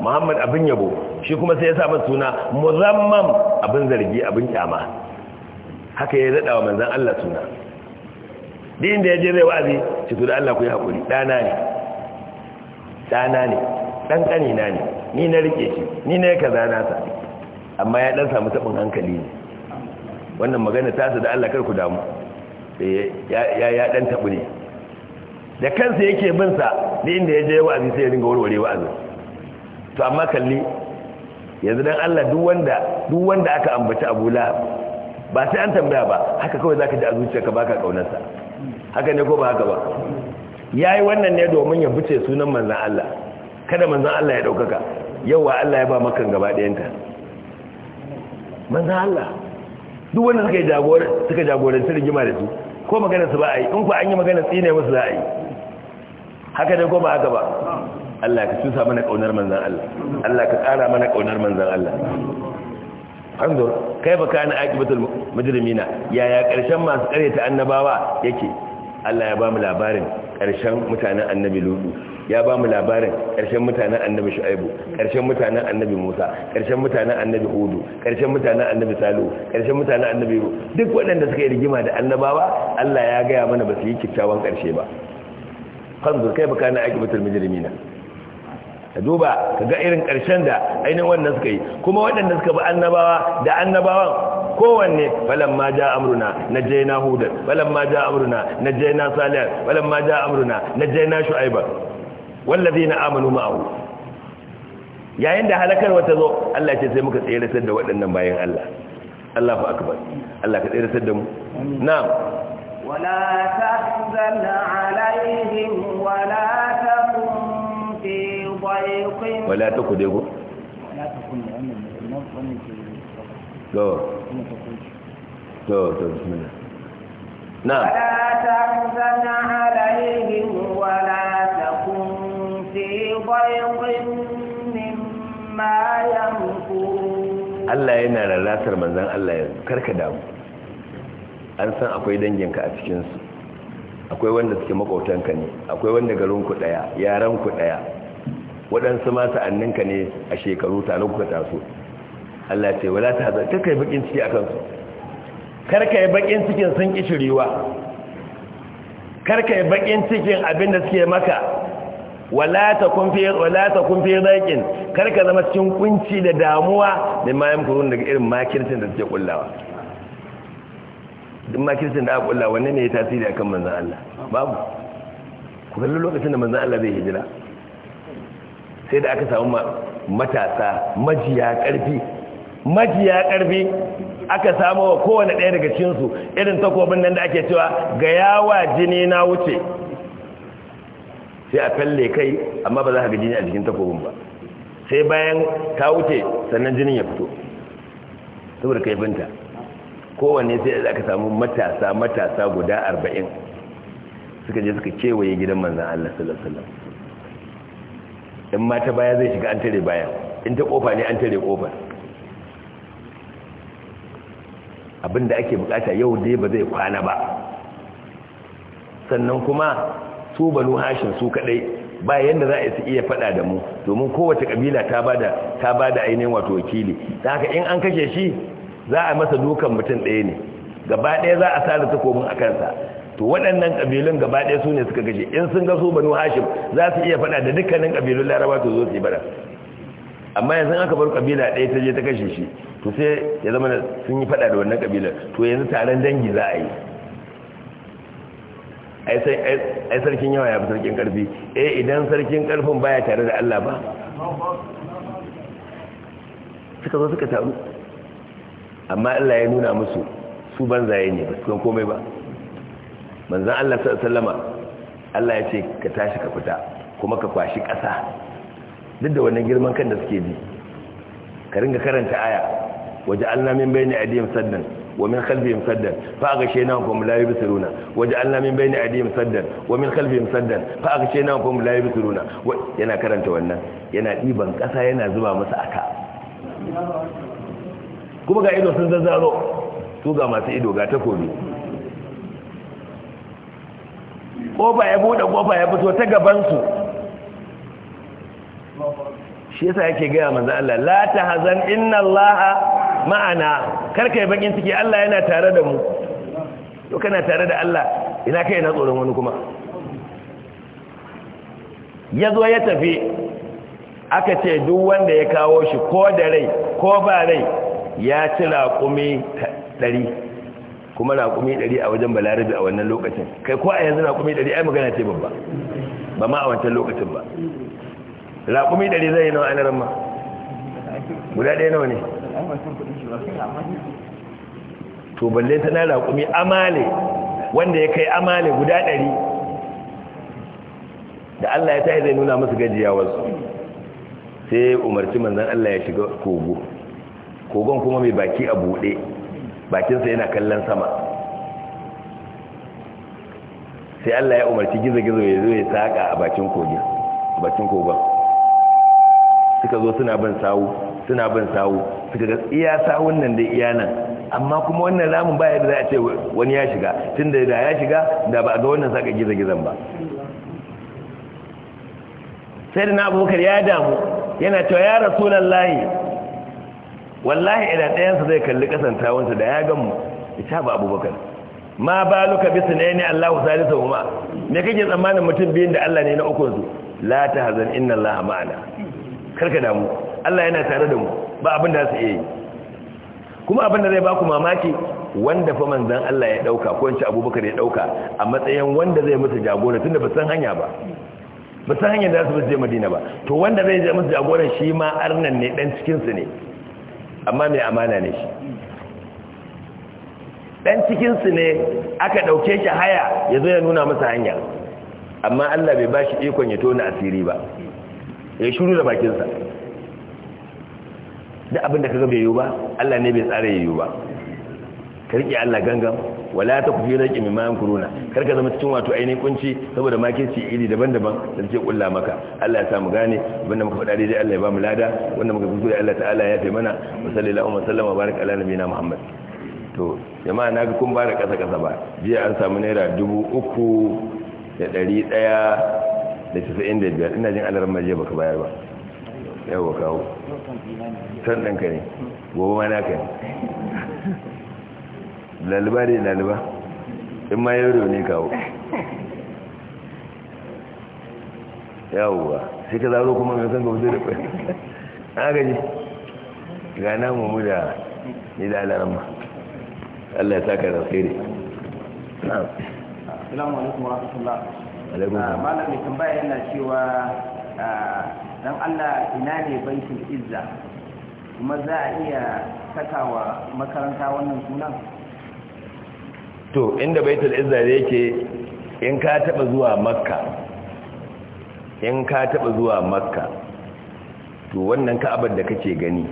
A: muhammad abin yabo shi kuma sai ya sa masa suna muzamman abin zargi abin kyama haka ya zaɗa wa manzan Allah suna da inda ya je zai wa'azi shi to da Allah ku yi haƙuri ɗana ne ɗana ne ɗan ƙanina ne ni na riƙe shi ni na ya zana nasa amma ya ɗan samu taɓin hankali ne wannan magana tasa da Allah kar ku damu Eh, ya dan tabu ne da kansa yake bin sa da inda ya je wa'azi sai ya dinga warware wa'azi to amma kalli yanzu dan Allah duk wanda duk wanda aka ambaci Abu Lahab ba sai an tambaya ba haka kawai zaka ji a zuciyarka baka kaunarsa haka ne ko ba haka ba yayi wannan ne domin ya buce sunan manzon Allah kada manzon Allah ya daukaka yawa Allah ya ba makan gaba ɗayanta manzon Allah duk wanda suka jagora suka jagoranci rigima da su ko magana su ba a yi in ku an yi magana tsine musu za a yi haka dai ko ba haka ba Allah ka cusa mana kaunar manzan Allah Allah ka tsara mana kaunar manzan Allah zo kai ba kana aqibatul majalimina yaya ƙarshen masu karyata annabawa yake Allah ya ba mu labarin ƙarshen mutanen annabi lutu ya ba mu labarin ƙarshen mutanen annabi shu'aibu ƙarshen mutanen annabi musa ƙarshen mutanen annabi hudu ƙarshen mutanen annabi salihu ƙarshen mutanen annabi duk waɗanda suka yi rigima da annabawa Allah ya gaya mana ba su yi kyakkyawan ƙarshe ba fanzur kai baka na aiki batul mujrimina ka duba ka ga irin ƙarshen da ainihin wannan suka yi kuma waɗanda suka bi annabawa da annabawan kowanne Balan ma ja amruna na na je hudar, Balan ma ja amruna na na je najaina Balan ma ja amruna na na je najaina shu'aiba na amanu ma'ahu yayin da halakarwa ta zo Allah ce sai muka tsere da waɗannan bayan Allah Allahu akbar Allah ka tsere da mu na'am ولا تحزن عليهم ولا تكن
B: في ضيق ولا تكن
A: to to to bismillah
B: na'am wala Allah yana
A: lalatar manzon Allah yanzu karka damu an san akwai danginka a cikinsu. akwai wanda suke makautanka ne akwai wanda garin ku daya yaran ku daya waɗansu ma annanka ne a shekaru tare kuka taso Allah ce wala ta hazan kai bakin ciki akan su kar yi bakin cikin sun kishirewa kar kai yi bakin cikin abin da suke maka wala ta kunfi wala ta kunfi kar ka zama cikin kunci da damuwa da mayan kurun daga irin makircin da suke kullawa duk makircin da aka kulla wanne ne ya tasiri akan manzon Allah babu ku kalli lokacin da manzon Allah zai hijira sai da aka samu matasa majiya karfi majiya karfi aka samu wa kowane ɗaya daga cinsu irin takobin nan da ake cewa ga yawa jini na wuce sai a falle kai amma ba za ka ga jini a jikin takobin ba sai bayan ta wuce sannan jinin ya fito saboda binta kowanne sai aka samu matasa matasa guda arba'in suka je suka kewaye gidan manzan Allah sallallahu alaihi wasallam in mata baya zai shiga an tare baya in ta kofa ne an tare kofar abinda ake bukata yau dai ba zai kwana ba sannan kuma su banu hashin su kadai ba yanda za a iya fada da mu domin kowace kabila ta bada ta bada ainihin wato wakili dan haka in an kashe shi za a masa dukan mutum daya ne gaba daya za a sada takobin a kansa to waɗannan kabilun gaba daya su ne suka gaje in sun ga su banu hashim za su iya fada da dukkanin kabilun laraba to zo su yi bara amma yanzu aka bar kabila ɗaya ta je ta kashe shi to sai ya zama sun yi fada da wannan kabilar to yanzu taron dangi za a yi ai sarkin yawa ya fi sarkin karfi eh idan sarkin karfin baya tare da Allah ba suka zo suka taru amma Allah ya nuna musu su banzaye ne ba su kan komai ba manzan Allah sallama Allah ya ce ka tashi ka fita kuma ka kwashi ƙasa duk da wannan girman kan da suke ji ka ringa karanta aya waje Allah min bayni adiyam saddan wa min khalfihim saddan fa aghshaynahum fa la yubsiruna waje Allah min bayni adiyam saddan wa min khalfihim saddan fa aghshaynahum fa la yubsiruna yana karanta wannan yana diban kasa yana zuba masa aka kuma ga ido sun zazzaro su ga masu ido ga takobi kofa ya bude kofa ya fito ta gabansu shi yasa yake gaya manzo Allah la tahzan inna Allah ma'ana karkai bakin ciki Allah yana tare da mu to kana tare da Allah ina kai na tsoron wani kuma yazo ya tafi aka ce duk wanda ya kawo shi ko da rai ko ba rai ya ci raƙumi 100 kuma raƙumi 100 a wajen balarabi a wannan lokacin kai ko a yanzu raƙumi 100 ai magana ce babba ba ma a wancan lokacin ba raƙumi ɗari zai yi nawa ana ma guda ɗaya nawa ne to balle ta na raƙumi amale wanda ya kai amale guda ɗari da Allah ya tahi zai nuna musu wasu sai ya umarci manzan Allah ya shiga kogo kogon kuma mai baki a buɗe bakinsa yana kallon sama sai Allah ya umarci gizo-gizo ya zo ya saƙa a bakin kogon suka zo suna ban sawu suna ban sawu suka ga iya sawun nan da iya nan amma kuma wannan ramin ba yadda za a ce wani ya shiga tun da ya shiga da ba a ga wannan saka gizan ba sai da na abubakar ya damu yana cewa ya rasulan layi wallahi idan ɗayansa zai kalli ƙasan tawunsa da ya gan mu ita ba abubakar ma ba luka bisu ne ne Allah salisa kuma me kake tsammanin mutum biyun da Allah ne na ukunsu la ta hazan inna Allah ma'ana karka damu Allah yana tare da mu ba abin da su iya yi kuma abin da zai ba ku mamaki wanda fa manzan Allah ya dauka ko ince Abubakar ya dauka a matsayin wanda zai musu jagora tunda ba san hanya ba ba san hanyar da su je Madina ba to wanda zai je musu jagora shi ma arnan ne dan cikin su ne amma mai amana ne shi dan cikin su ne aka dauke shi haya yazo ya nuna masa hanya amma Allah bai bashi ikon ya tona asiri ba ya shuru da bakinsa da abin da kaga bai yiwu ba Allah ne bai tsara yiwu ba ka rike Allah gangan wala ta ku fira ki mayan kuruna kar ka zama cikin wato ainihin kunci saboda makirci iri daban-daban da take kulla maka Allah ya sa mu gane abinda muka faɗa dai Allah ya ba mu lada wanda muka gudu Allah ta'ala ya fi mana wa sallallahu wa sallama baraka ala nabiyina Muhammad to jama'a naga kun bara kasa kasa ba jiya an samu naira 3100 da tafi da biyar ina jin alarar maje baka bayar ba ba kawo
B: san ɗanka ne gobe ma naka ne
A: laliba ne laliba in ma yaro ne kawo ba sai ka zaro kuma mai san gobe da rufe an gaji gana mu da ni da alarar ma Allah ya saka da tsere. Assalamu
B: alaikum wa rahmatullah. Ah, malami tambaya yana cewa ah, dan Allah ina ne baitul izza kuma za a iya sakawa makaranta wannan sunan
A: to inda baitul izza yake in ka taba zuwa makka in ka taba zuwa makka to wannan ka'abar da kake gani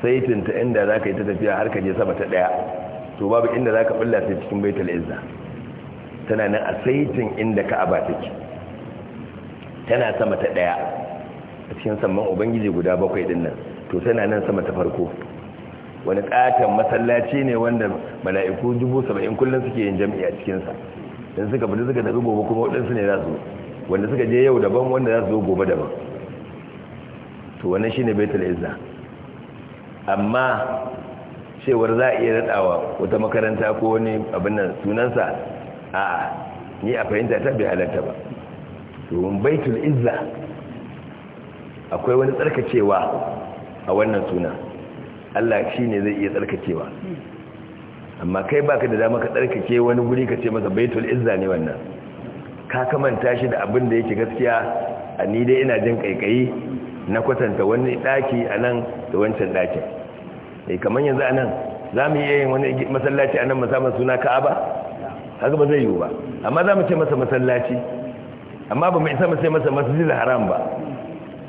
A: sai tinta inda zaka yi ta tafiya har ka je sama ta daya to babu inda zaka bulla sai cikin baitul izza tana nan a saitin inda ka'aba take tana sama ta daya a cikin samman ubangiji guda bakwai din nan to tana nan sama ta farko wani katon masallaci ne wanda mala'iku dubu saba'in kullum suke yin jam'i a cikinsa dan suka fita suka tafi gobe kuma waɗansu ne za su wanda suka je yau daban wanda za su zo gobe daban to wannan shine baitul izza amma cewar za a iya radawa wata makaranta ko wani abin nan sunansa a'a ni a fahimta ta bai halatta ba domin baitul izza akwai wani tsarkacewa a wannan suna Allah shi ne zai iya tsarkacewa amma kai baka da dama ka tsarkake wani guri ka ce masa baitul izza ne wannan ka kamanta shi da abin da yake gaskiya a ni dai ina jin kaikayi na kwatanta wani daki a nan da wancan dakin eh kamar yanzu a nan za mu yi wani masallaci a nan musamman suna ka'aba kaga ba zai yiwu ba amma za mu ce masa masallaci amma ba mu isa mu ce masa masjid haram ba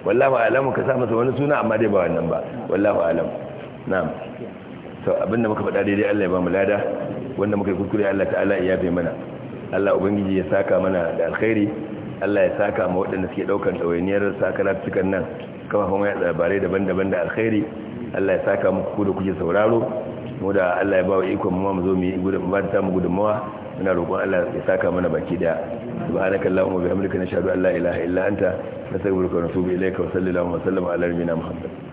A: wallahu alamu ka sa masa wani suna amma dai ba wannan ba wallahu alam na'am to abinda muka faɗa daidai Allah ya ba mu lada wanda muka yi kuskure Allah ta'ala ya yafe mana Allah ubangiji ya saka mana da alkhairi Allah ya saka mu waɗanda suke dawainiyar sakarar cikan nan kafafen yatsa labarai daban-daban da alkhairi Allah ya saka muku ku da kuke sauraro mu da Allah ya ba wa ikon mu zo mu yi gudun ba ta mu gudunmawa muna roƙon Allah ya saka mana baki daya subhanaka allahumma wa bihamdika nashhadu an la ilaha illa anta nastaghfiruka wa natubu ilayka wa sallallahu wa sallam ala nabiyyina muhammad